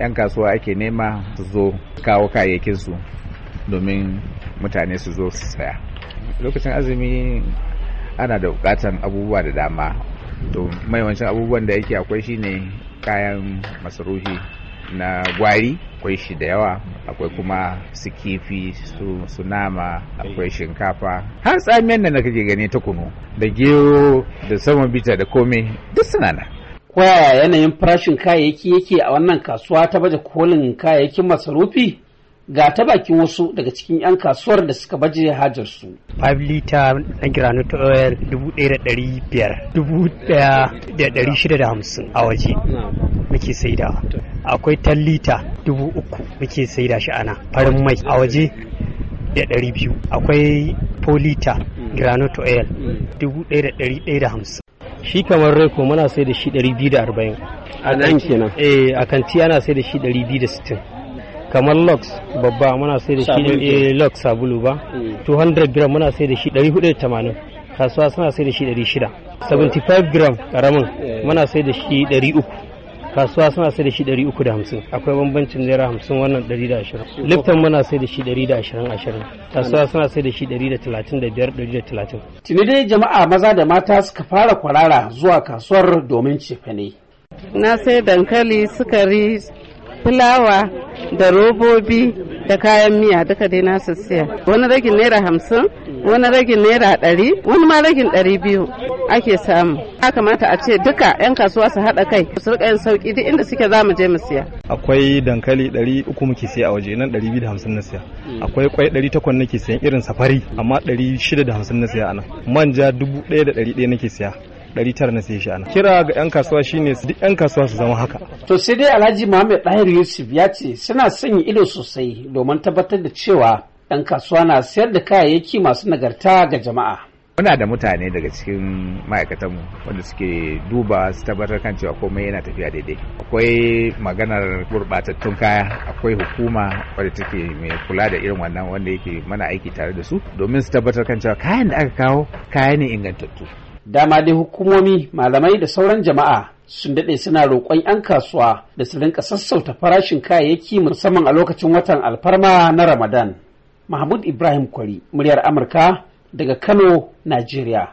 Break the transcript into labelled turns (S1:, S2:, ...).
S1: 'yan kasuwa ake nema su zo kawo kayayyakinsu domin mutane su zo su saya lokacin azumi ana da bukatan abubuwa da dama to mayawancin abubuwan da yake akwai shine kayan masarufi na gwari akwai shi da yawa akwai kuma su kifi su nama akwai shinkafa har tsamiyar da na kake gani ta kunu da gero da saman bita da komai duk suna nan
S2: kwaya yanayin farashin kayayyaki yake a wannan kasuwa ta baje kolin kayayyakin masarufi ga ta bakin wasu daga cikin 'yan kasuwar da suka baje hajarsu.
S3: 5 lita na granite oil 1,500 1,650 a waje muke saida akwai 10 lita 3,000 muke saida shi ana farin mai a waje da 200 akwai polita mm. granite oil 1,150 mm. shi kamar reko muna sai da shi 240 a nan kenan eh a kanti ana sai da shi 260 kamar lux babba muna sai da shi eh, lux sabulu ba 200 hmm. gram muna sai da shi 480 kasuwa suna sai da shi 600 75 gram karamin eh. muna sai da shi 300 kasuwa suna sai da shi 350 akwai bambancin naira 50 wannan 120 liftan muna sai da shi 120 ashirin kasuwa
S2: suna sai da shi 135 130 tuni dai jama'a maza da mata suka fara kwarara zuwa kasuwar domin cefane na sai dankali sukari fulawa da robobi da kayan miya duka dai na siya wani ragin naira hamsin wani ragin naira 100 wani ma ragin ɗari biyu ake samu ya kamata a ce duka 'yan kasuwa su haɗa kai su rika yin sauki duk inda suke za mu je mu siya
S3: akwai dankali 300 muke siya a waje nan 250 na siya akwai kwai 800 nake siyan irin safari amma 650 na siya anan manja 1100 nake siya
S2: 900 na sai shi ana kira ga yan kasuwa shine duk yan kasuwa su zama haka to sai dai Alhaji Muhammad Dahir Yusuf ya ce suna sanya ido sosai domin tabbatar da cewa yan kasuwa na sayar da kayayyaki masu nagarta ga jama'a
S1: muna da mutane daga cikin ma'aikatanmu wanda suke duba su tabbatar kan cewa komai yana tafiya daidai akwai maganar gurbatattun kaya akwai hukuma wadda take mai kula da irin wannan wanda yake mana aiki tare da su domin su tabbatar kan cewa kayan da aka kawo kaya ne ingantattu dama dai
S2: hukumomi malamai da sauran jama'a sun daɗe suna roƙon 'yan kasuwa da su rinka sassauta farashin kayayyaki musamman a lokacin watan alfarma na ramadan mahmud ibrahim kwari muryar amurka daga Kano, Najeriya.